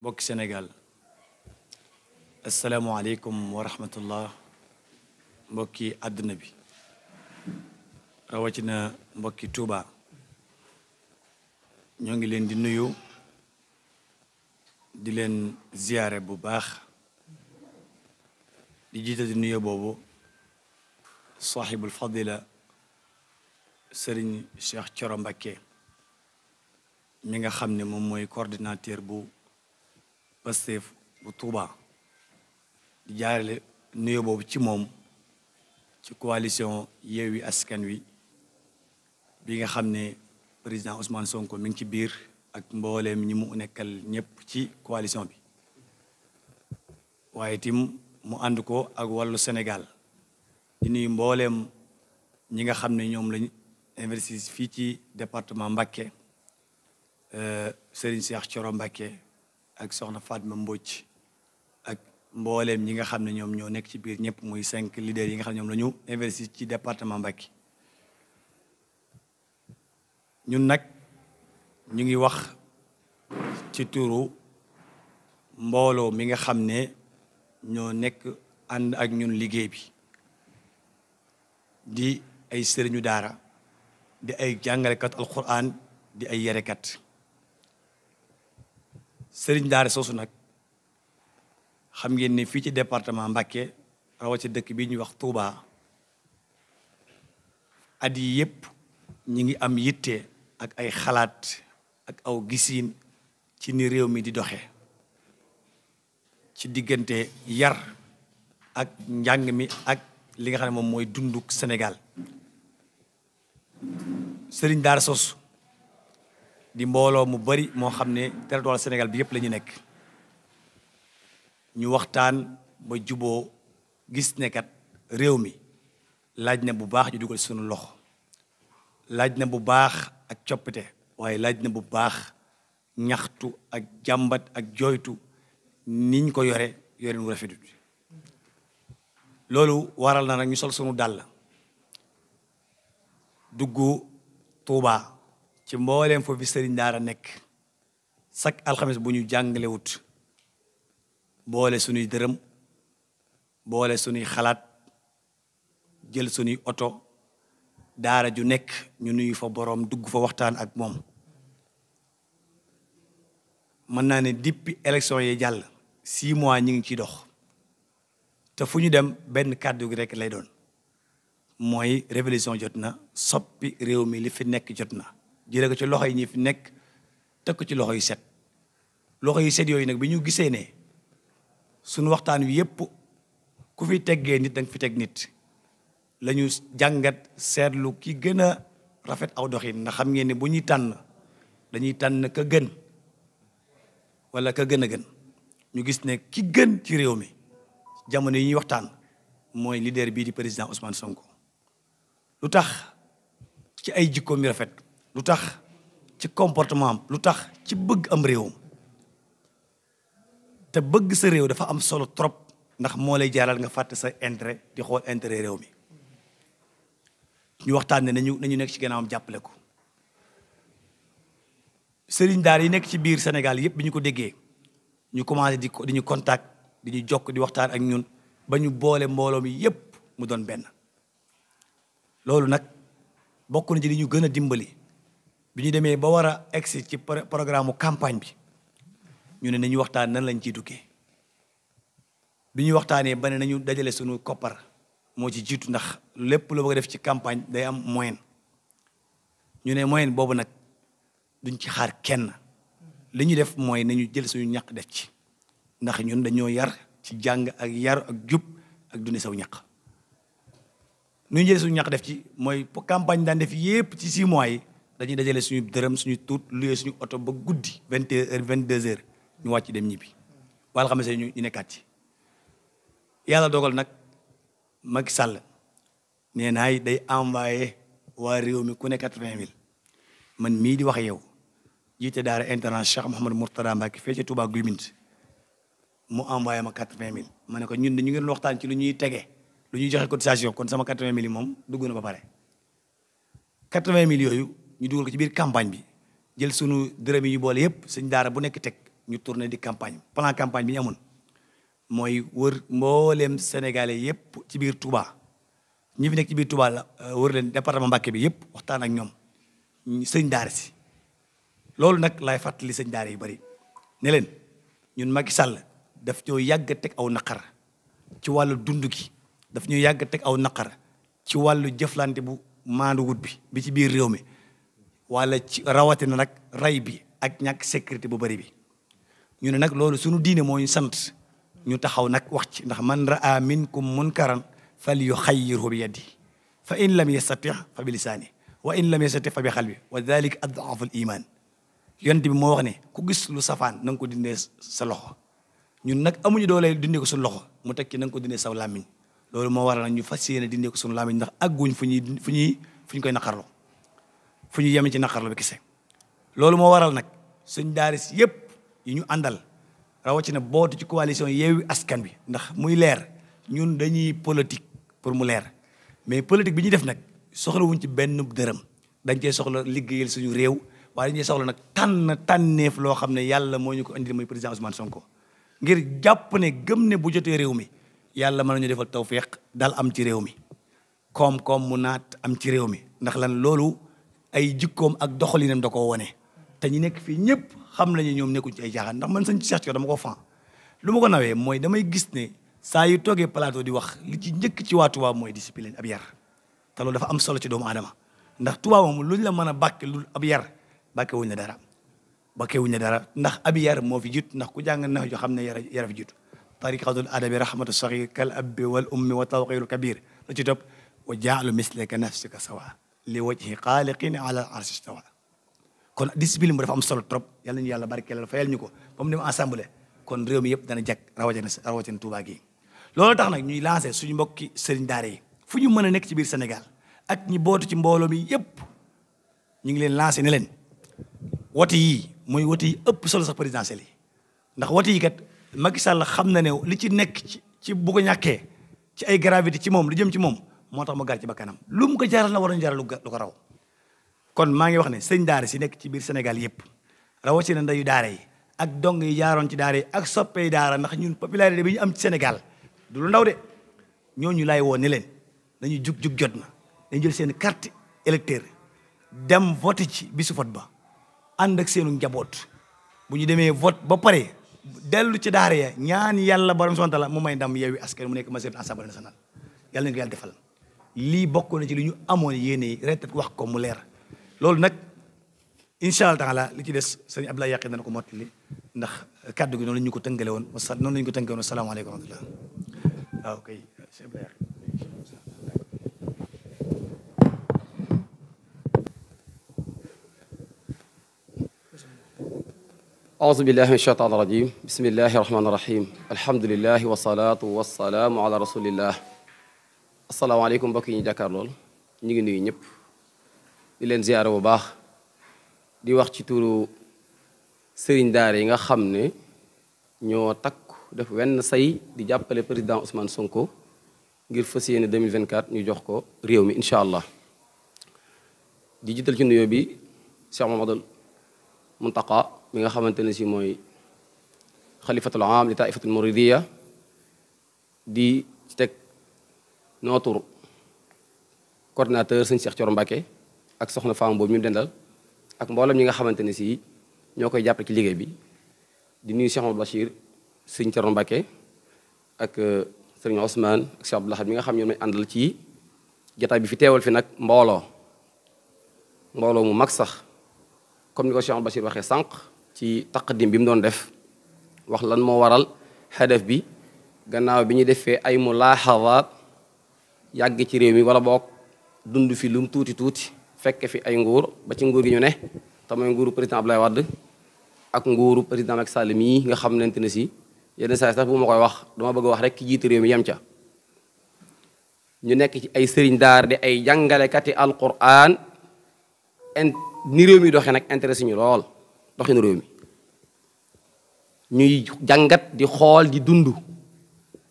mbokki Sénégal asalaamualeykum wa rahmatullah mbokki àdduna bi rawatina mbokki Touba ñoo ngi leen di nuyu di leen ziyaare bu baax di jiite di nuyu boobu saaxibul fadila sëriñ Cheikh Thioro Mbacké mi nga xam ne moom mooy coordinateur bu Pastef bu Touba di jaarale nuyoo boobu ci moom ci coalition Yewwi Askan Wi bi nga xam ne président Ousmane Sonko mi ngi ci biir ak mbooleem ñi mu nekkal ñëpp ci coalition bi waaye tim mu ànd ko ak wàllu Sénégal di mbooleem ñi nga xam ne ñoom lañu investir fii ci département Mbacké euh, Serigne Cheikh coro Mbacké ak soxna Fatma Mbodj ak mbooleem ñi nga xam ne ñoom ñoo nekk ci biir ñëpp muy cinq leaders yi nga xam ne ñoom la ñu investir ci département Mbacké ñun nag ñu ngi wax ci turu mbooloo mi nga xam ne ñoo nekk ànd ak ñun liggéey bi di ay sëriñu daara di ay jàngalekat alquran di ay yerekat sëriñ daar soosu nag xam ngeen ni fii ci département Mbacké rawati dëkk bi ñuy wax Touba at yi yépp ñi ngi am yitte ak ay xalaat ak aw gisiin ci ni réew mi di doxe ci diggante yar ak njàng mi ak li nga xam ne moom mooy dunduk Sénégal sëriñ daara soosu di mbooloo mu bari moo xam ne territoire Sénégal bi yëpp la ñu nekk ñu waxtaan ba juboo gis ne kat réew mi laaj na bu baax ñu dugal sunu loxo laaj na bu baax ak coppite waaye laaj na bu baax ñaxtu ak jàmbat ak jooytu niñ ko yore yore nu rafetut loolu waral na nag ñu sol sunu dàll duggu Tuubaa ci mbooleem foofu sëriñ daara nekk chaque alxames bu ñu jàngalewut boole suñuy dërëm boole suñuy xalaat jël suñuy oto daara ju nekk ñu nuyu fa boroom dugg fa waxtaan ak moom mën naa ne dippi élection yi jàll six mois ñi ngi ciy dox te fu ñu dem benn kàddu gi rek lay doon mooy révolution jot na soppi réew mi li fi nekk jot na jëlee ko ci loxo yi ñi fi nekk teg ci loxo yi set loxo yi set yooyu nag bi ñu gisee ne suñu waxtaan wi yépp ku fi teggee nit da nga fi teg nit la ñu jàngat seetlu ki gën a rafet aw doxin ndax xam ngeen ne bu ñuy tànn dañuy tànn ka gën wala ka gën a gën ñu gis ne ki gën ci réew mi jamono yi ñuy waxtaan mooy leader bii di président Ousmane Sonko lu tax ci ay jikkoom yu rafet lu tax ci comportement am lu tax ci bëgg am réewam te bëgg sa réew dafa am solo trop ndax moo lay jaaral nga fàtte sa intérêt di xool intérêt réew mi ñu waxtaan nañu nañu nekk ci gannaawam jàppale ko sëriñ daara yi nekk ci biir Sénégal yëpp bi ñu ko déggee ñu commencé di di ñu contact di ñu jokk di waxtaan ak ñun ba ñu boole mbooloo mi yëpp mu doon benn loolu nag bokk na ci li ñu gën a dimbali bi ñu demee ba war a egsi ci programme campagne bi ñu ne nañu waxtaan nan lañ ciitu ke bi ñu waxtaanee ba nañu dajale suñu koppar moo ci jiitu ndax lépp lu bëgg def ci campagne day am moyen ñu ne moyen boobu nag duñ ci xaar kenn li ñu def mooy nañu jël suñu ñaq def ci ndax ñun dañoo yar ci jàng ak yar ak jub ak dunde saw ñaq nu jël suñu ñaq def ci mooy campagne daan def yépp ci six yi dañuy dajale suñu dërëm suñu tuut luyee suñu oto ba guddi vingt heures vingt deux heures ñu wàcc dem ñibbi wala xam ne ñu nekkaat ci yàlla dogal nag mag Sall nee naay day envoyé waa réew mi ku ne quatre vingt mille man mii di wax yow jiite daara internat Cheikh Mouhamadou Mourtada Mbacké fee ca Touba Guy Mbind mu envoyé ma quatre vingt mille ma ne ko ñun dañu ngeen waxtaan ci lu ñuy tege lu ñuy joxe cotisation kon sama quatre vingt mille yi moom dugg na ba pare quatre vingt mille yooyu ñu dugal ko ci biir campagne bi jël suñu dërëm yi boole yëpp sëñ daara bu nekk teg ñu tourné di campagne plan campagne bi ñu amoon mooy wër mbooleem sénégalais yëpp ci biir Touba ñu fi nekk ci biir Touba la euh, wër leen département Mbacké bi yëpp waxtaan ak ñoom sëñ daara si loolu nag lay fàttali sëñ daara yu bari ne leen ñun Macky Sall daf ñoo yàgg teg aw naqar ci wàllu dund gi daf ñoo yàgg teg aw naqar ci wàllu jëflante bu maandu wut bi bi ci biir réew mi wala ci rawatina nag ray bi ak ñàkk sécurité bu bëri bi ñu ne nag loolu suñu diine moo sant ñu taxaw nag wax ci ndax man raa minkum munkaran fal yuxayyirhu bi yadi fa in lam yastati fa bi lisaani wa in lam yastati fa bi xalbi wa dalika adaafu l iman yonent bi moo wax ne ku gis lu safaan na nga ko dindee sa loxo ñun nag amuñu doole dindee ko suñu loxo mu tekki na nga ko dindee saw làmmiñ loolu moo waral nag ñu fas yéene dindee ko suñu làmmiñ ndax àgguñ fu ñuy fu ñuy fu ñu koy naqarloo fu ñu yeme ci naqar la bi kese loolu moo waral nag suñ daaris yépp yi ñu àndal rawatina bootu ci coalition Yewwi Askan bi ndax muy leer ñun dañuy politique pour mu leer mais politique bi ñu def nag soxlawuñ ci benn dërëm dañ cee soxla liggéeyal suñu réew waaye dañ cee soxla nag tànn tànneef loo xam ne yàlla moo ñu ko indi muy président man Sonko ngir jàpp ne gëm ne bu jotee réew mi yàlla mën nañu defal tawféex dal am ci réew mi koom naat am ci réew mi ay jikkoom ak doxalinam da koo wane te ñi nekk fii ñëpp xam nañu ñoom nekkuñ ci ay jaaxaan ndax man sëñ Cheikh Thioro dama ko fan lu ma ko nawee mooy damay gis ne saa yu toogee plateau di wax li ci njëkk ci waa Touba mooy discipline ab yar te loolu dafa am solo ci doomu adama ndax Touba moom luñ la mën a bàkke lu ab yar bàkke wuñ la dara bàkke wuñ la dara ndax ab yar moo fi jut ndax ku jàng nax jo xam ne yar yar fi jiitu tariqatul adabi rahmatu saxir kal abbi wal ummi wa tawqirul kabir lu ci topp wa jaalu mislika li wajhi xaaliqin ala arsh istawa kon discipline bu dafa am solo trop yàlla ñu yàlla barkeelal fayal ñu ko ba mu dem assemblée kon réew mi yëpp dana jag rawatina rawatina Touba gi loolu tax nag ñuy lancé suñu mbokki sëriñ daara yi fu ñu mën a nekk ci biir senegal ak ñi boot ci mbooloo mi yëpp ñu ngi leen lancé ne leen wote yii mooy wote yi ëpp solo sax présidentielle yi ndax wote yi kat Macky Sall xam na ne li ci nekk ci bu ko ñàkkee ci ay gravité ci moom li jëm ci moom moo tax mu gar ci bakkanam lu mu ko jaral na waroon jaral lu ko raw kon maa ngi wax ne sëñ daara si nekk ci biir Sénégal yëpp rawatina ndeyu daara yi ak dong yi jaaroon ci daara ak soppe daara ndax ñun popularité bi ñu am ci Sénégal du lu ndaw de ñooñu laay woo ne leen nañu jug jug jot na dañu jël seen carte électeur dem vote ci bisu vote ba ànd ak seenu njaboot bu ñu demee vote ba pare dellu ci daara ya ñaan yàlla borom sonta la mu may ndam yeewi askan mu nekk majorité assemblée nationale yàlla nañu ko yàlla defal lii bokk na ci li ñu amoon yéene ret wax ko mu leer loolu nag incha allah taala li ci des sëñ Abdoulaye Yaqin dana ko mottali ndax kàddu gi noonu la ñu ko tënkale woon wasa noonu la ñu ko tënkale woon asalaamaaleykum wa rahmatullah waaw kay sëñ Abdoulaye Yaqin أعوذ بالله من الشيطان الرجيم بسم الله الرحمن الرحيم الحمد لله والصلاة والسلام على رسول الله asalaamaaleykum mbokk yi ñu jàkkaar lool ñu ngi nuyu ñëpp di leen ziyaara bu baax di wax ci turu sëriñ daare yi nga xam ne ñoo takku def wenn say di jàppale président Ousmane Sonko ngir fas yéene 2024 ñu jox ko réew mi incha allah di jiital ci nuyoo bi Cheikh Mamadou Muntaqa mi nga xamante ne si mooy xalifatul am li taifatul muridiya di teg noo tur coordinateur sëñ Cheikh Thioro Mbacké ak soxna Fama boobu ñu dendal ak mbooloom ñi nga xamante ne si ñoo koy jàppale ci liggéey bi di nuyu Cheikh Amadou Bachir sëñ Thioro Mbacké ak euh, sëriñ Ousmane ak Cheikh Abdoul Ahad mi nga xam ñoom lañ àndal ci jataay bi fi teewal fi nag mbooloo mbooloo mu mag sax comme ni ko Cheikh Amadou Bachir waxee sànq ci dim bi mu doon def wax lan moo waral xedef bi gannaaw bi ñu defee ay mulaaxadaat yàgg ci réew mi wala boog dund fi lu tuuti tuuti fekke fi ay nguur ba ci nguur gi ñu ne te mooy nguuru président Abdoulaye Wade ak nguuru président Macky Sall mii nga xamante ne si yenn saa sax bu ma koy wax dama bëgg wax rek ki jiite réew mi yem ca ñu nekk ci ay sëriñ daar di ay jàngalekati alquran in ni réew mi doxee nag intéressé ñu lool doxinu réew mi ñuy jàngat di xool di dund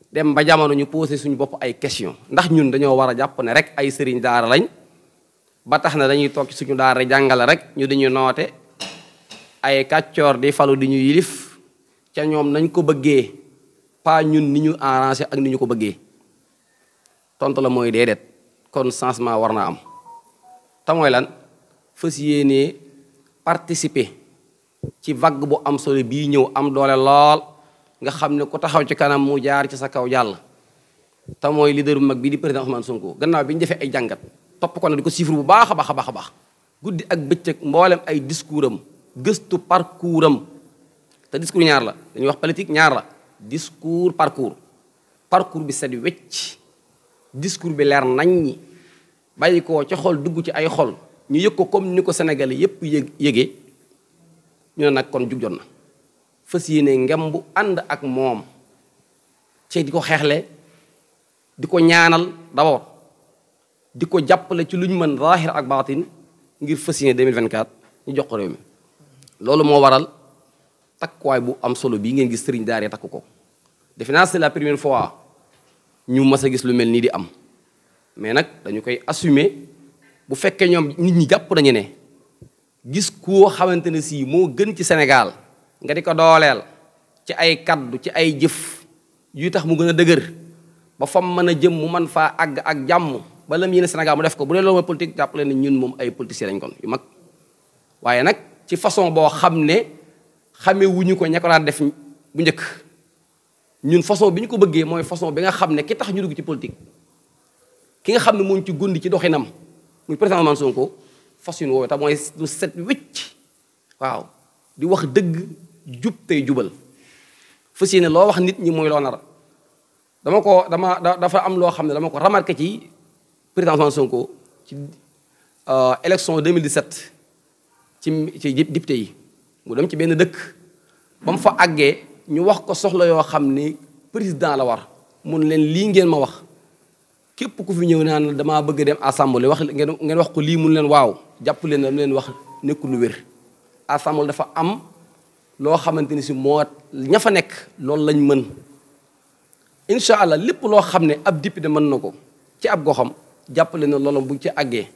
dem ba jamono ñu posé suñu bopp ay question ndax ñun dañoo war a jàpp ne rek ay sëriñ daara lañ ba tax na dañuy toog ci suñu daara jàngale rek ñu dañuy noote ay kàccoor di falu di ñu yilif ca ñoom nañ ko bëggee pas ñun ni ñu arrangé ak ni ñu ko bëggee tontu la mooy déedéet kon changement war na am te mooy lan fas yéenee participer ci vague bu am solo bii ñëw am doole lool nga xam ne ku taxaw ci kanam mu jaar ci sa kaw jàll te mooy leader bu mag bi di président Ousmane Sonko gannaaw bi ñu defee ay jàngat topp ko na ko chiffre bu baax a baax a guddi ak bëccëg mboolem ay discours am gëstu parcours am te discours ñaar la dañuy wax politique ñaar la discours parcours parcours bi set wecc discours bi leer nañ ñi bàyyi ko ca xol dugg ci ay xol ñu yëg ko comme ni ko Sénégalais yépp yëg yëgee ñu ne nag kon jug jot na fas yéene ngem bu ànd ak moom ci di ko xeexle di ko ñaanal d'abord di ko jàppale ci lu ñu mën zaahir ak baatin ngir fas yéene 2024 ñu jox ko réew mi loolu moo waral takkuwaay bu am solo bii ngeen gis sëriñ daaree takku ko defe naa la première fois ñu mas a gis lu mel nii di am mais nag dañu koy assumer bu fekkee ñoom nit ñi jàpp nañu ne gis koo xamante ne sii moo gën ci Sénégal nga di ko dooleel ci ay kaddu ci ay jëf yuy tax mu gën a dëgër ba fam mën a jëm mu man faa àgg ak jàmm ba lam yéene Sénégal mu def ko bu dee loolu mooy politique jàppale ne ñun moom ay politiciens lañ kon yu mag waaye nag ci façon boo xam ne xamee ko ña ko daan bu njëkk ñun façon bi ñu ko bëggee mooy façon bi nga xam ne ki tax ñu dugg ci politique ki nga xam ne moom ci gundi ci doxinam muy président Ousmane Sonko fas yu nu woowee tax mooy set wécc waaw di wax dëgg jub tey jubal fas yéene loo wax nit ñi muy loo nar dama ko dama dafa am loo xam ne dama ko remarqué ci président Ousmane Sonko ci euh, élection 2017 ci ci député yi mu dem ci benn dëkk ba mu fa àggee ñu wax ko soxla yoo xam ni président la war mun leen lii ngeen ma wax képp ku fi ñëw naan damaa bëgg dem assemblée wax ngeen ngeen wax ko lii mun leen waaw jàpp leen dama leen wax nekkul lu wér assemblée dafa am loo xamante ni si moo ña fa nekk loolu lañ mën incha allah lépp loo xam ne ab de mën na ko ci ab goxam jàppale na loolu bu ci àggee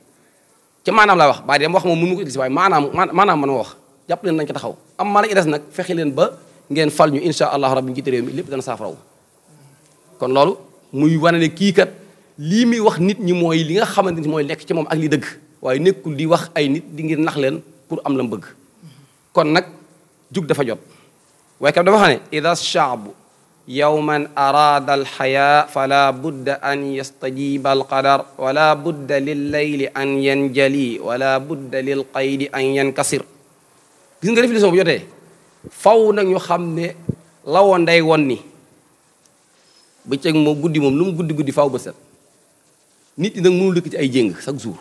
ci laa wax baa dem wax moom mënu ko si waaye maanaam maanaam mën a wax jàppale nañ ko taxaw am maa la ci des leen ba ngeen fal ñu incha allah rabbi njiité réew mi lépp dana saafaraw kon loolu muy wane ne kii kat lii muy wax nit ñi mooy li nga xamante ni mooy nekk ci moom ak li dëgg waaye nekkul di wax ay nit di ngir nax leen pour am lam bëgg kon nag jug defa jot waaye kam dafa xam ne ida shaabu araada alxayaa fala budda an yastajiba alqadar wala budda lilleyli an yanjali wala budda lilqaydi an yankasir gis nga définition bu jotee faw nañu xam ne lawoon day won ni bëccëg moom guddi moom lu mu guddi guddi faw ba set nit ñi nag mënul dëkk ay jéng chaque jour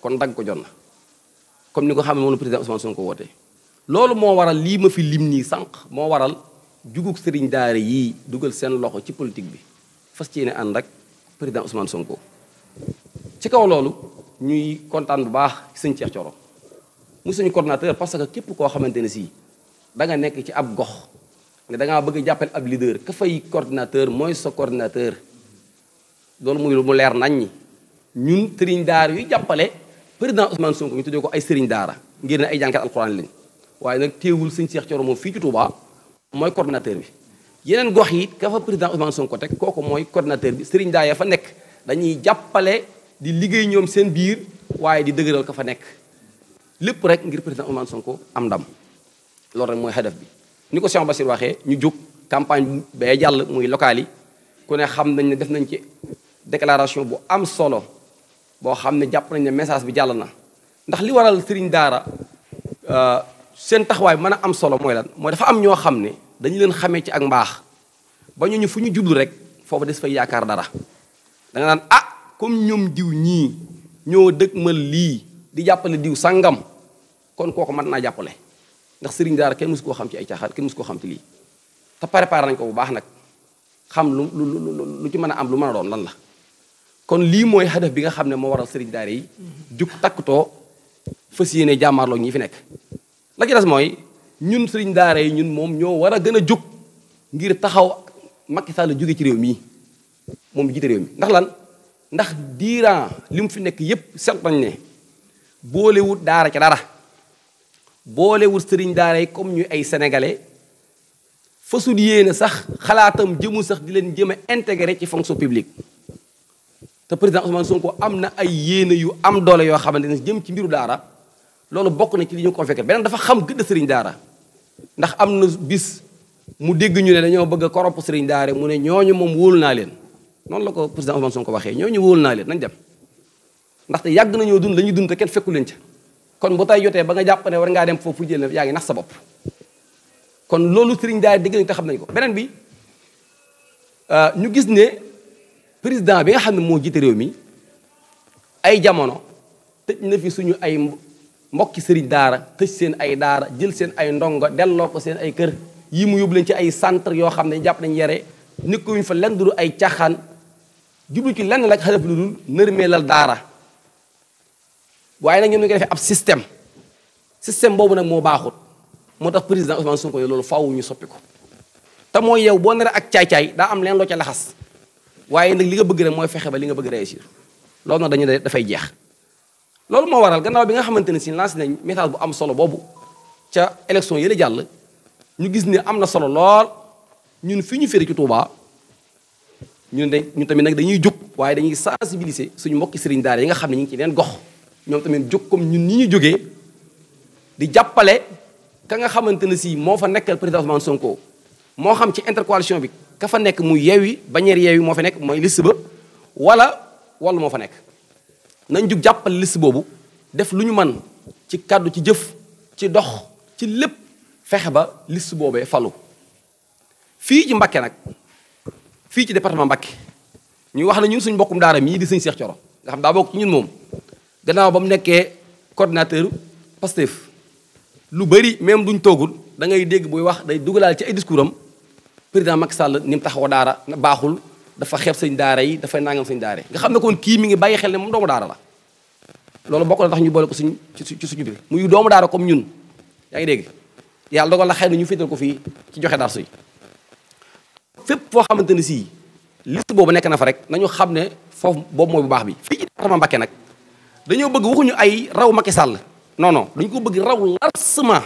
kon dagg ko jot na comme ni ko xam ne moom président Ousmane Sonko wootee loolu moo waral lii ma fi lim nii sànq moo waral jugug sëriñ daara yii dugal seen loxo ci politique bi fas ci ne ànd ak président Ousmane Sonko ci kaw loolu ñuy kontaan bu baax ci sëñ Cheikh Thioro mu suñu coordonnateur parce que képp koo xamante ne si da nekk ci ab gox ne da bëgg jàppale ab leader ka fay mooy sa coordinateur loolu muy mu leer nañ ñi ñun sëriñ daara yu jàppale président Ousmane Sonko ñu tuddee ko ay sëriñ daara ngir ne ay jànkat alxuraan lañ waaye nag téewul sëñ Cheikh Thioro moom fii ci Touba mooy coordinateur bi yeneen gox yi ka fa président Ousmane ko teg kooku mooy coordinateur bi sëriñ daa fa nekk dañuy jàppale di liggéey ñoom seen biir waaye di dëgëral ko fa nekk lépp rek ngir président Ousmane Sonko am ndam loolu rek mooy hadaf bi ni ko ba si waxee ñu jóg campagne bee jàll muy locale yi ku ne xam nañ ne def nañ ci déclaration bu am solo boo xam ne jàpp nañ ne message bi jàll na ndax seen taxawaay mën a am solo mooy lan mooy dafa am ñoo xam ne dañuy leen xamee ci ak mbaax ba ñu ñu fu ñu jublu rek foofu des fay yaakaar dara da nga naan ah comme ñoom diw ñii ñoo dëkk ma lii di jàppale diw sangam kon kooku mën naa jàppale ndax sëriñ daar kenn musu koo xam ci ay caaxaan kenn koo xam ci lii te préparé nañ ko bu baax nag xam lu lu lu ci mën a am lu mën a doon lan la kon lii mooy hadaf bi nga xam ne moo waral sëriñ daar yi mhm. jug takkutoo fas yéene jàmmaarloo ñi fi nekk la ci mooy ñun sëriñ daara yi ñun moom ñoo war a gën a jóg ngir taxaw Macky Sall jóge ci réew mii moom jiite réew mi ndax lan ndax diiran li mu fi nekk yépp seet nañ ne boolewut daara ca dara boolewut sëriñ daara yi comme ñu ay sénégalais fasul yéene sax xalaatam jëmu sax di leen jëm a ci fonction publique te président Ousmane Sonko am na ay yéene yu am doole yoo xamante ne jëm ci mbiru daara loolu bokk na ci li ñu ko fekkee beneen dafa xam gëdd sëriñ daara ndax am na bis mu dégg ñu ne dañoo bëgg a corrompre sëriñ daara mu ne ñooñu moom wóolu naa leen noonu la ko président Ousmane Sonko waxee ñooñu wóolu naa leen nañ dem ndaxte yàgg nañoo dund la ñuy dund fekku leen ca kon bu tay jotee ba nga jàpp ne war ngaa dem foofu jël yaa nax sa bopp loolu sëriñ daara dégg nañ te xam nañ ko beneen bi euh, ñu gis ne président bi xam ne moo jiite réew mi ay jamono suñu ay mbokki sëriñ daara tëj seen ay daara jël seen ay ndongo delloo ko seen ay kër yi mu yóbbu leen ci ay centre yoo xam ne jàpp nañ yare ni ko ñu fa lenn du ay caaxaan jublu ci lenn nag xarab lu dul nërmeelal daara waaye nag ñoom ñu ngi defee système système boobu nag moo baaxut moo tax président Ousmane Sonko loolu faaw ñu soppi ko te mooy yow boo neree ak caay-caay daa am leen loo ca laxas waaye nag li nga bëgg rek mooy fexe ba li nga bëgg réussir loolu nag dañu dafay jeex loolu moo waral gannaaw bi nga xamante ne si lancé nañ message bu am solo boobu ca élection yële jàll ñu gis ni am na solo lool ñun fi ñu féri ci tuuba ñun dañ ñu tamit nag dañuy jóg waaye dañuy sensibiliser suñu mbokki sëriñ daara yi nga xam ne ñu ngi ci leen gox ñoom tamit jug comme ñun ni ñu jógee di jàppale ka nga xamante ne si moo fa nekkal président Ousmane Sonko moo xam ci intercoalition bi ka fa nekk muy Yewwi bannière Yewwi moo fa nekk mooy liste ba wala wala moo fa nekk nañ jug jàppale liste boobu def lu ñu man ci kàddu ci jëf ci dox ci lépp fexe ba liste boobee falu fii ci Mbakke nag fii ci département Mbakke ñuy wax ne ñun suñu mbokkum daara mii di sëñ Cheikh Thioro nga xam daa bokk ci ñun moom gannaaw ba mu nekkee coordinateur Pastef lu bëri même duñ toogul da ngay dégg buy wax day dugalaal ci ay discours am président Macky Sall ni mu taxawoo daara baaxul dafa xeeb sëñ daara yi dafa nangam sëñ daara nga xam ne kon kii mi ngi bàyyi xel ne moom daara la loolu bokk na tax ñu boole ko suñ ci suñu biir muy doomu daara comme ñun yaa ngi dégg yàlla dogal la xëy na ñu féetal ko fii ci joxe darsu yi fépp foo xamante ne sii liste boobu nekk na fa rek nañu xam ne foofu boobu mooy bu baax bi fii ci département Mbacké nag dañoo bëgg waxuñu ay raw Macky Sall non non dañu ko bëgg raw largement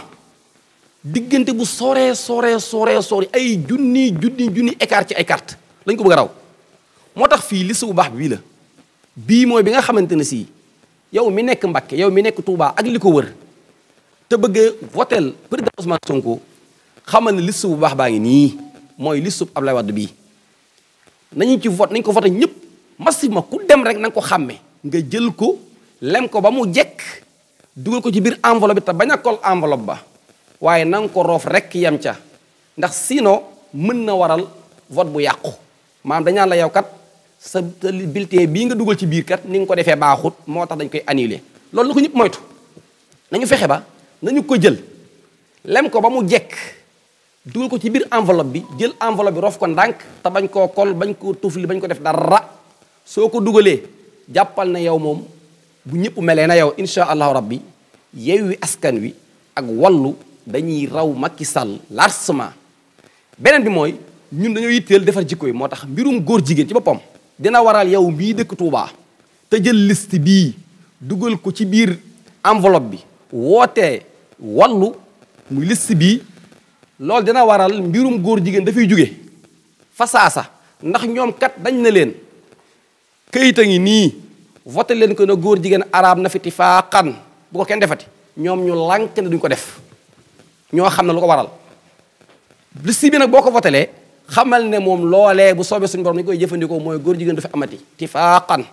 diggante bu sooree sooree sooree sooree ay junni junni junni écart ci ay carte lañ ko bëgg a raw moo tax fii liste bu baax bi bii la bii mooy bi nga xamante ne sii yow mi nekk Mbakke yow mi nekk tuubaa ak li ko wër te bëgg votel président Ousmane Sonko xamal ne liste bu baax baa ngi nii mooy liste bu Abdoulaye Wade bii nañu ci vote nañ ko vote ñëpp ma ku dem rek na nga ko xàmme nga jël ko lem ko ba mu jekk dugal ko ci biir enveloppe bi te bañ a kol enveloppe ba waaye na ko roof rekk yem ca ndax sinon mën na waral vote bu yàqu maanaam dañaan la yow kat sa bulletin bii nga dugal ci biir kat ni nga ko defee baaxut moo tax dañ koy annulé lool na ko ñëpp moytu nañu fexe ba nañu ko jël lem ko ba mu jekk dugal ko ci biir enveloppe bi jël enveloppe bi rof ko ndànk te bañ koo kol bañ koo tufli bañ ko def dara soo ko dugalee jàppal na yow moom bu ñëpp melee na yow insha allahu rabbi Yewwi Askan Wi ak Wallu dañuy raw Macky Sall largement beneen bi mooy ñun dañoo yitteel defar jikko yi moo tax mbirum góor jigéen ci boppam dina waral yow mii dëkk Touba te jël liste bii dugal ko ci biir enveloppe bi wootee wallu muy liste bii loolu dina waral mbirum góor jigéen dafay jóge fasaasa ndax ñoom kat dañ ne leen këyit a ngi nii voté leen ko ne góor jigéen araab na fi tifaaqan bu ko kenn defati ñoom ñu lànk ne duñ ko def ñoo xam na lu ko waral liste bi nag boo ko votelee xamal ne moom loole bu soobee suñu borom dañu koy jëfandikoo mooy góor jigéen dafa amati tifaaqan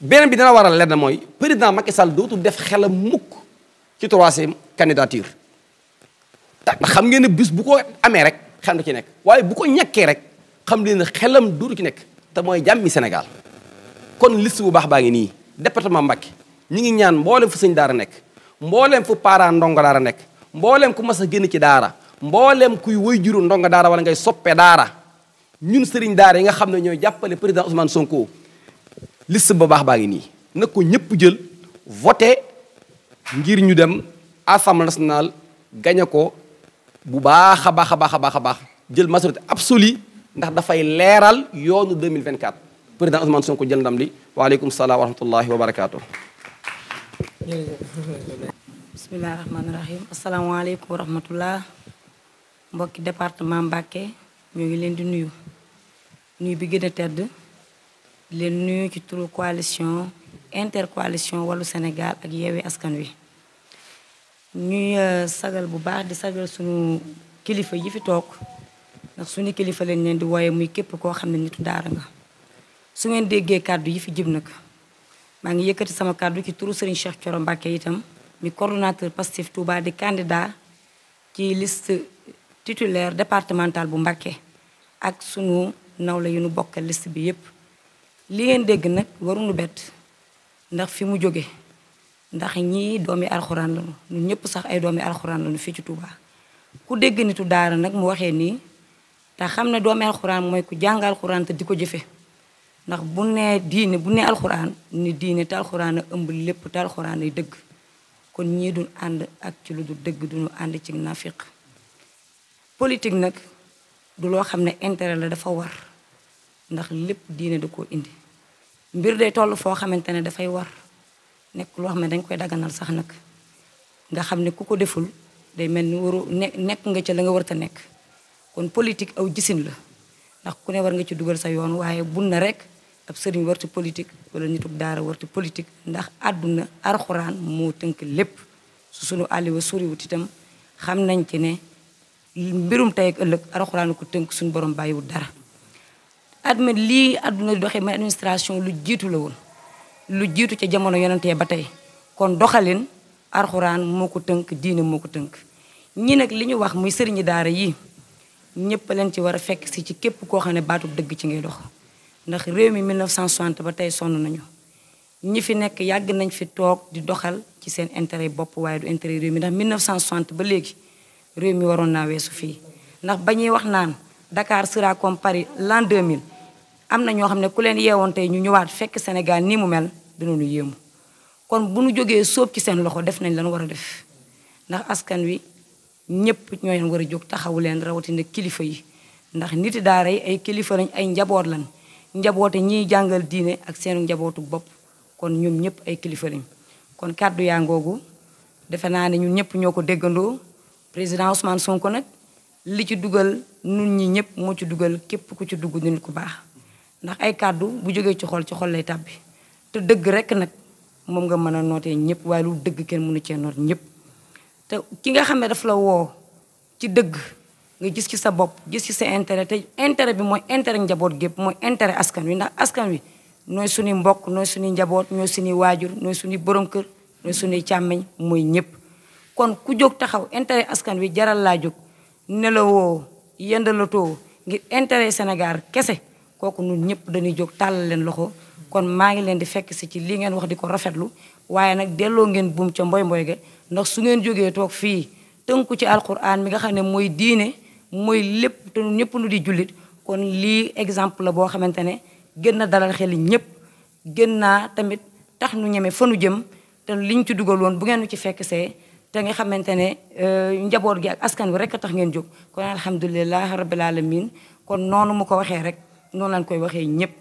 beneen bi dina waral lenn mooy président Macky Sall dootul def xelam mukk ci troisième candidature tax xam ngeen ne bis bu ko amee rek xam du ci nekk waaye bu ko ñàkkee rek xam leen ne xelam dootu ci nekk te mooy jàmmi Sénégal kon liste bu baax baa ngi nii département Mbacké ñi ngi ñaan mboolem fu sëñ daara nekk mboolem fu parent ndongo daara nekk mboolem ku mas a génn ci daara mboolem kuy woy juru ndongo daara wala ngay soppe daara ñun sëriñ daara yi nga xam ne ñooy jàppale président Ousmane Sonko liste ba baax baa ngi nii na ko ñëpp jël voté ngir ñu dem assemblée nationale gañe ko bu baax a baax a baax a baax a baax jël majorité absolue ndax dafay leeral yoonu 2024 président Ousmane Sonko jël ndam li waaleykum salaam wa rahmatullahi wa barakaatu. bisimilah rahmaani rahim asalaamaaleykum wa rahmatullah mbokki département Mbacké ñoo ngi leen di nuyu nuyu bi gën a tedd di leen nuyu ci turu coalition intercoalition Wallu Sénégal ak Yewwi Askan Wi ñuy euh, sagal bu baax di sagal suñu kilifa yi fi toog ndax kilifa lañ leen di wooye muy képp koo xam ne nitu daara nga su ngeen déggee kàddu yi fi jib nag maa ngi yëkkati sama kàddu ci turu Serigne Cheikh Thioro Mbacké itam mi coordonnateur Pastef Touba di candidat ci liste titulaire départemental bu Mbacké ak sunu nawla yu nu bokkal liste bi yépp li ngeen dégg nag waruñu bett ndax fi mu jóge ndax ñii doomi alxuraan lañu ñun ñëpp sax ay doomi alxuraan lañu fii ci Touba ku dégg nitu daara nag mu waxee nii te xam ne doomi alxuraan mooy ku jàng alxuraan te di ko jëfe ndax bu nee diine bu nee alxuraan ni diine te alxuraan a ëmb lépp te alxuraan ay dëgg kon ñii du ànd ak ci lu dul dëgg duñu ànd ci nafiq politique nag du loo xam ne intérêt la dafa war ndax lépp diine da ko indi mbir day toll foo xamante ne dafay war nekk loo xam ne dañ koy daganal sax nag nga xam ne ku ko deful day mel ni waru nekk nga ci la nga war ta nekk kon politique aw gisin la ndax ku ne war nga ci dugal sa yoon waaye bun na rek ab sëriñ warti politique wala nitub daara warti politique ndax àdduna arxuraan moo tënk lépp su sunu àlliwa suriwut itam xam nañ ci ne mbirum tey ak ëllëg alxuraan ko tënk suñu borom bàyyiwul dara. adma lii àdduna doxee mooy administration lu jiitu la woon lu jiitu ca jamono yonantee ba tey kon doxalin alxuraan moo ko tënk diine moo ko tënk. ñi nag li ñu wax muy sëriñi daara yii ñëpp leen ci war a fekk si ci képp koo xam ne baatu dëgg ci ngay dox ndax réew mi 1960 ba tey sonn nañu. ñi fi nekk yàgg nañ fi toog di doxal ci seen intérêt bopp waaye du intérêt réew mi ndax 1960 ba léegi réew mi waroon naa weesu fii ndax ba ñuy wax naan Dakar sera comme Paris l'an 2000 am na ñoo xam ne ku leen yeewoon tey ñu ñëwaat fekk senegal ni mu mel dinañu yéemu kon bu ñu jógee sóob ci seen loxo def nañ lan war a def ndax askan wi ñëpp ñoo leen war a jóg taxawu leen rawatina kilifa yi ndax niti daara yi ay kilifa lañ ay njaboot lañ njaboote ñiy jàngal diine ak seenu njabootu bopp kon ñoom ñëpp ay kilifa lañ kon kàddu yaa ngoogu defe naa ne ñun ñëpp ñoo ko déggandoo. président Ousmane Sonko nag li ci dugal nun ñi ñëpp moo ci dugal képp ku ci dugg nit ku baax ndax ay kàddu bu jógee ci xol ci xol lay tàbbi te dëgg rekk nag moom nga mën a nootee ñëpp waaye lu dëgg kenn mënu cee noot ñëpp te ki nga xam ne daf la woo ci dëgg nga gis ci sa bopp gis ci sa intérêt te intérêt bi mooy intérêt njaboot gépp mooy intérêt askan wi ndax askan wi nooy suñuy mbokk nooy suñuy njaboot ñooy suñuy waajur nooy suñuy borom kër nooy suñuy càmmiñ mooy ñëpp kon ku jóg taxaw intérêt askan wi jaral laa jóg nelawoo yendalatoo ngir intérêt Sénégal kese kooku nu ñëpp dañuy jóg tàll leen loxo kon maa ngi leen di fekk si ci lii ngeen wax di ko rafetlu waaye nag delloo ngeen buum ca mboy mboy ga ndax su ngeen jógee toog fii tënku ci alquran mi nga xam ne mooy diine mooy lépp te ñëpp nu di jullit kon lii exemple la boo xamante ne gën na dalal xel ñëpp gën naa tamit tax nu ñeme fa nu jëm te liñ ci dugal woon bu ngeen ci fekk see te nga xamante ne euh, njaboot gi ak askan wi rek a tax ngeen jóg kon alhamdulilah rabbil alamin kon noonu mu ko waxee rek noonu lañ koy waxee ñëpp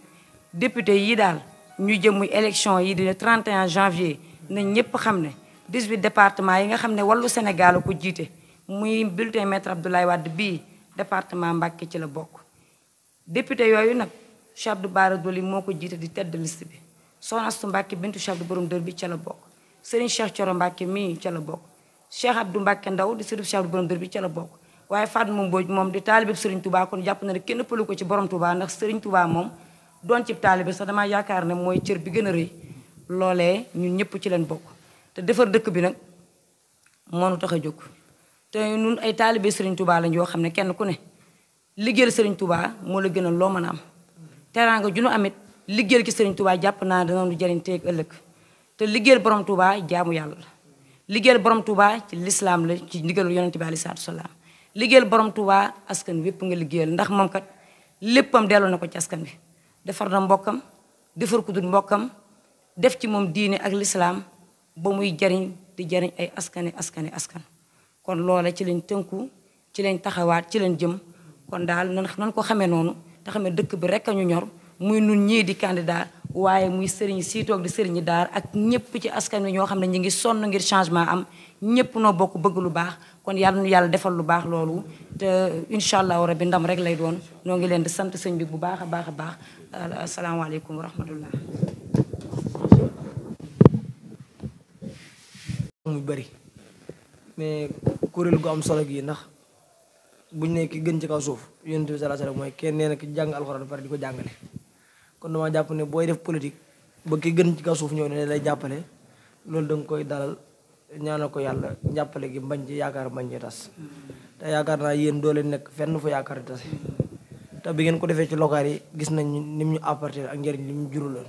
député yi daal ñu jëm muy élection yi di le 31 janvier na ñëpp xam ne 18 département yi nga xam ne wàllu Sénégal ko jiite muy bulletin maître Abdoulaye Wade bii département Mbacké ci la bokk député yooyu nag Cheikh Abdou Bara Dolly moo ko jiite di tête de bi Soxna Astou Mbacké bintu Cheikh Abdou Borom Dër bi ca la bokk Serigne Cheikh Thioro Mbacké mii ca la bokk Cheikh Abdou Mbacke Ndaw di sëriñ Cheikh Abdou bi ca la bokk waaye Fatma Mbodj moom di taalibe Serigne Touba kon jàpp na ne kenn pëlu ko ci borom Touba ndax Serigne tubaa moom doon ci taalibe sax damaa yaakaar ne mooy cër bi gën a rëy loolee ñun ñëpp ci leen bokk te defar dëkk bi nag moonu tax a jóg te ñun ay taalibe Serigne tubaa lañ yoo xam ne kenn ku ne liggéey Serigne tubaa moo la gën a loo mën a am nga ju nu amit liggéeyal ci Serigne Touba jàpp naa danoonu jëriñ teeg ëllëg te liggéey borom Touba jaamu yàlla liggéeyal borom Touba ci lislaam la ci ndigalu yonente bi aleyhi salaatu salaam liggéeyal borom Touba askan wépp nga liggéeyal ndax moom kat léppam delloo na ko ci askan bi defar na mbokkam defar ku dul mbokkam def ci moom diine ak lislaam ba muy jariñ di jariñ ay askani askani askan kon loola ci lañ tënku ci lañ taxawaat ci lañ jëm kon daal nan nan ko xamee noonu te xamee dëkk bi rek a ñu ñor muy nun ñii di candidat waaye muy sëriñ si toog di sëriñi daar ak ñëpp ci askan wi ñoo xam ne ñu ngi sonn ngir changement am ñëpp noo bokk bëgg lu baax kon yàlla yàlla defal lu baax loolu te incha allahu rabbi ndam rek lay doon ñoo ngi leen di sant sëñ bi bu baax a baax a baax asalaamaaleykum wa mu bëri mais kuréel gu am solo gi ndax buñ ne gën ci kaw suuf yonent bi sallallahu alayhi wasallam mooy kenn nee na ki jàng alxuraan pare di ko jàngale kon dama jàpp ne booy def politique ba ki gën ci kaw suuf ñëw ne lay jàppale loolu da nga koy dalal ñaana ko yàlla jàppale gi mbañ ci yaakaar mbañ ci tas te yaakaar naa yéen doo leen nekk fenn fu yaakaar tase te bi ngeen ko defee ci local yi gis nañ ni mu ñu apporter ak njëriñ li mu juruloon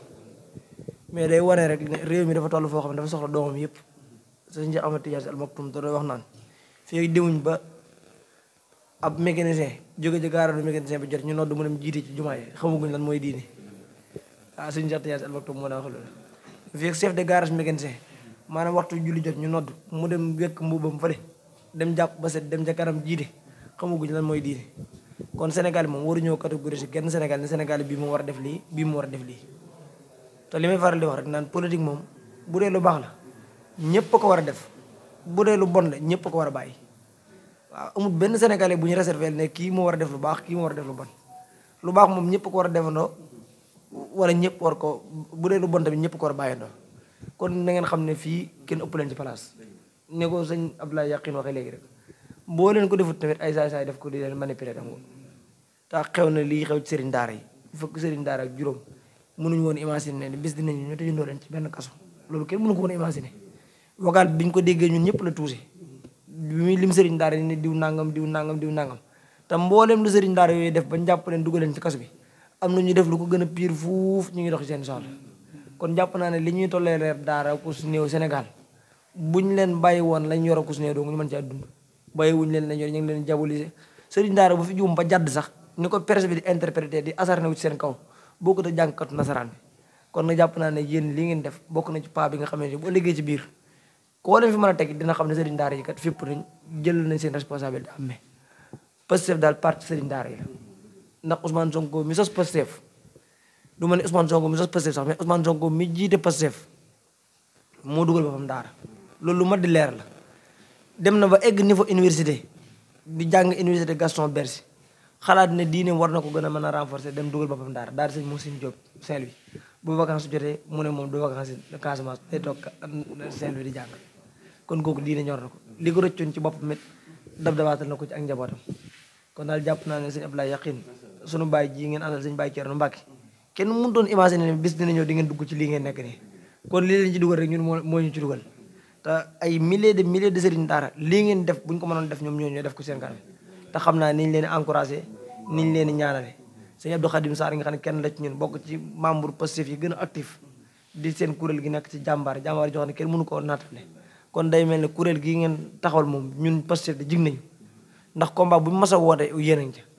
mais day wane rek réew mi dafa toll foo xam ne dafa soxla doomam yëpp sëñ ci amati Tijaan Si Al Maktoum te wax naan fii demuñ ba ab mécanicien jóge ci gaara du mécanicien bi jot ñu nodd mu dem jiite ci jumaa yi xamaguñ mooy diine ah suñu jàtt yaa si albaktub moo daa wax loolu fii chef de garage mécanicien maanaam waxtu julli jot ñu nodd mu dem wekk mbuubam fële dem jàpp ba set dem ca kanam jiite xamaguñ lan mooy diine kon Sénégal moom waruñoo catégoriser kenn Sénégal ne Sénégal bii mu war a def lii bii mu war a def lii te li may faral li wax rek naan politique moom bu dee lu baax la ñëpp a ko war a def bu dee lu bon la ñëpp ko war a bàyyi waa amul benn Sénégalais bu ñu réservé ne kii moo war a def lu baax kii moo war a def lu bon wala ñëpp war ko bu dee lu bon bi ñëpp ko war a bàyyandoo kon na ngeen xam ne fii kenn ëpp leen ci place ne ko sëñ Abdoulaye Yaqin waxee léegi rek boo leen ko defut tamit ay saay saay def ko di leen manipuler tam tax xew na lii xew ci sëriñ daara yi fukk sëriñ daara ak juróom mënuñu woon imaginer ne bis dinañu ñu tëjandoo leen ci benn kaso loolu kenn mënu ko woon imaginer vocal biñ ko déggee ñun ñëpp la tuuse bi muy lim sëriñ daara yi ne diw nangam diw nangam diw nangam te mboolem lu sëriñ daara yooyu def bañ jàpp leen dugal leen ci kaso bi am na ñu def lu ko gën a pire fuuf ñu ngi dox seen soxla kon jàpp naa ne li ñuy tollee reer daara ku su néew Sénégal buñ leen bàyyi woon lañ yor a ku su néew doo ñu mën ci àdduna bàyyi wuñ leen lañ yor ñu ngi leen jabolise sëriñ daara bu fi juum ba jàdd sax ni ko presse bi di interprété di asar wu ci seen kaw bokku te jàngkatu nasaraan kon nag jàpp naa ne yéen li ngeen def bokk na ci paa bi nga xam ne bu liggéey ci biir koo leen fi mën a teg dina xam ne sëriñ daara yi kat fépp nañ jël nañ seen responsabilité am mais Pastef daal parti sëriñ daara yi ndax Ousmane Sonko mi sos Pastef du ma ne Ousmane Sonko mi sos Pastef sax mais Ousmane Sonko mi jiite Pastef moo dugal boppam daara loolu lu mat di leer la dem na ba egg ni niveau université bi jàng université Gaston Berger xalaat ne diine war na ko gën a mën a renforcer dem dugal boppam daara daara sëñ Moussine Diop Saint-Louis bu vacances jotee mu ne moom du vacances Casamance day toog Saint-Louis di jàng kon kooku diine ñor na ko li ko rëccoon ci bopp it dab dabaatal na ko ci ak njabootam kon daal jàpp naa ne sëñ sunu baay jii ngeen àndal sëñ Baay Cerno Mbàkke kenn mun doon imaginer ne bis dina ñëw di ngeen dugg ci lii ngeen nekk nii kon lii leen ci dugal rek ñun moo ñu de milliers de sëriñ daara lii ngeen def buñ ko mënoon def ñoo ñoo def ko seen kanam te xam naa niñ leen encouragé niñ leen ñaanale sëñ Abdou Khadim Sarr nga xam ne kenn la ci ñun bokk ci membre Pastef yi gën a actif di seen kuréel gi nekk ci jàmbaar jàmbaar jox ne kenn mënu ko naatale kon day mel ne kuréel gii ngeen taxawal moom ñun Pastef di jig nañu ndax bu masa woote yéen a ngi ca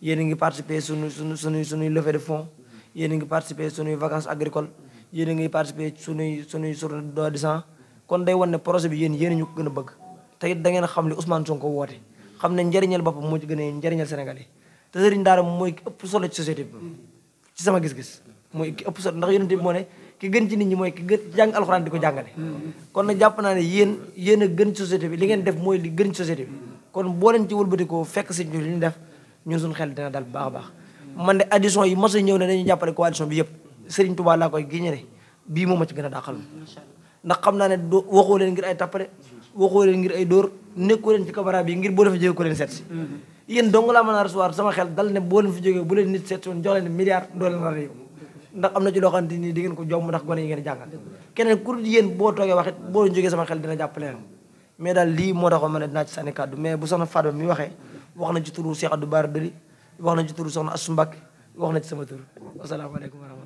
yéen a ngi participer suñu suñu suñuy suñuy levée de fonds yéen a ngi participer suñuy vacances agricoles yéen a ngi participer suñuy suñuy journée don de sang kon day wan ne projet bi yéen yéen ñu ko gën a bëgg te it da ngeen xam li Ousmane Sonko woote xam ne njariñal bopp moo ci gën a njariñal Sénégal yi te sëriñ daara mooy ëpp solo ci société bi sama gis mooy ki ëpp solo ndax yonente bi moo ne ki gën ci nit ñi mooy ki gën jàng alxuraan di ko jàngale kon nag jàpp naa ne yéen yéen a gën ci société bi li ngeen def mooy li gën ci société bi kon boo leen ci wëlbatikoo fekk si ñu li ñu def ñun suñu xel dina dal bu baax a baax man de addition yi mos a ñëw ne dañuy jàppale coalition bi yëpp Serigne Touba laa koy génne ne bii moom ma ci gën a dàqal ndax xam naa ne doo waxoo leen ngir ay tappale waxoo leen ngir ay dóor nekkoo leen ci kabara ngir boo leen fi jógee ko leen mm-hmm. laa sama xel dal ne boo leen bu leen nit seet si woon jox leen na loo xamante ni di ngeen ko jomm ndax gone yi ngeen jàngal keneen ku yéen boo boo leen jógee sama xel dina jàppale mais daal lii moo taxoon ma ne dinaa ci mais bu soxna Fadou mi waxee wax na ci turu Cheikh Abdou Bara Doli wax na ci turu Soxna Assou Mbacké wax na ci sama tur asalaamaaleykum wa rahmatulah